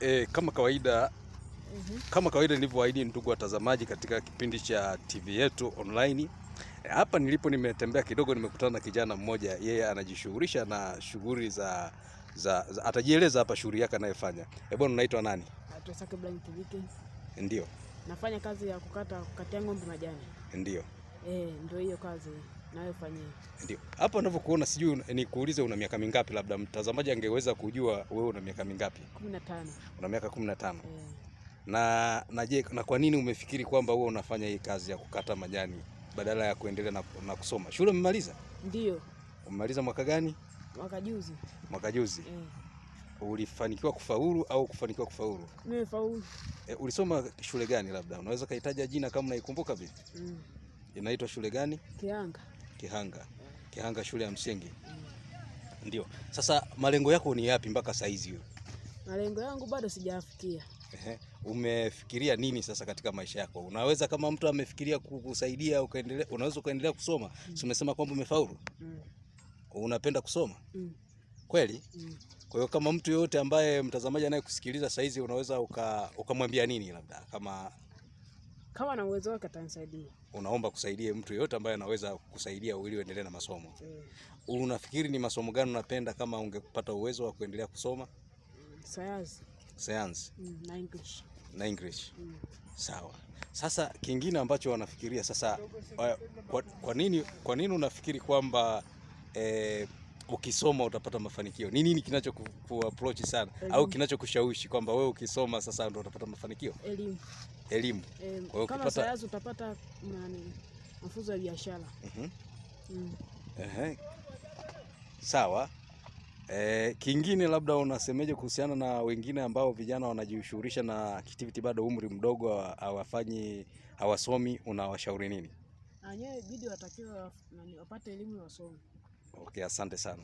E, kama kawaida mm -hmm. Kama kawaida nilivyoahidi, ndugu watazamaji, katika kipindi cha TV yetu online e, hapa nilipo nimetembea kidogo, nimekutana na kijana mmoja, yeye anajishughulisha na shughuli za, za, za atajieleza hapa shughuli yake anayofanya. E, unaitwa nani? Ndio nafanya kazi ya kukata kukatia ng'ombe majani. Ndio e, ndio hiyo kazi nayofanyia. Ndio hapo unavyokuona, sijui nikuulize, una miaka mingapi? Labda mtazamaji angeweza kujua wewe una miaka mingapi. 15. Una miaka 15. Yeah. Na na je, na kwa nini umefikiri kwamba wewe unafanya hii kazi ya kukata majani badala ya kuendelea na, na kusoma shule? Umemaliza? Ndio. Umemaliza mwaka gani? Mwaka juzi. Mwaka juzi. Yeah. Ulifanikiwa kufaulu au kufanikiwa kufaulu? Nimefaulu. E, ulisoma shule gani? Labda unaweza kahitaja jina kama unaikumbuka vipi? Mm. Inaitwa shule gani? Kianga. Kihanga, Kihanga shule ya msingi. Ndio. Sasa malengo yako ni yapi mpaka saizi hizi hiyo? Malengo yangu bado sijafikia. Ehe. Umefikiria nini sasa katika maisha yako? Unaweza kama mtu amefikiria kukusaidia ukaendelea, unaweza ukaendelea kusoma. Mm. umesema kwamba umefaulu? Mm. Unapenda kusoma? Mm. Kweli? Mm. Kwa hiyo kama mtu yoyote ambaye mtazamaji anayekusikiliza sasa hizi unaweza ukamwambia uka nini labda kama kama na uwezo wake atanisaidia. Unaomba kusaidie mtu yeyote ambaye anaweza kusaidia ili uendelee na masomo yeah. Unafikiri ni masomo gani unapenda kama ungepata uwezo wa kuendelea kusoma? Sayansi. Sayansi mm, na English na English mm. Sawa. Sasa kingine ambacho wanafikiria sasa, eh, kwa, kwa nini kwa nini unafikiri kwamba eh, ukisoma utapata mafanikio? Ni nini kinacho ku, ku approach sana elimu, au kinachokushawishi kwamba wewe ukisoma sasa ndio utapata mafanikio? Elimu elimu e, kwa hiyo kama sayansi utapata nani mafunzo ya biashara mhm. mm mm. Sawa. E, kingine labda unasemeje kuhusiana na wengine ambao vijana wanajishughulisha na kitiviti bado umri mdogo hawafanyi hawasomi, unawashauri nini? Anyewe bidi watakiwa wapate elimu ya wasomi. Okay, asante sana.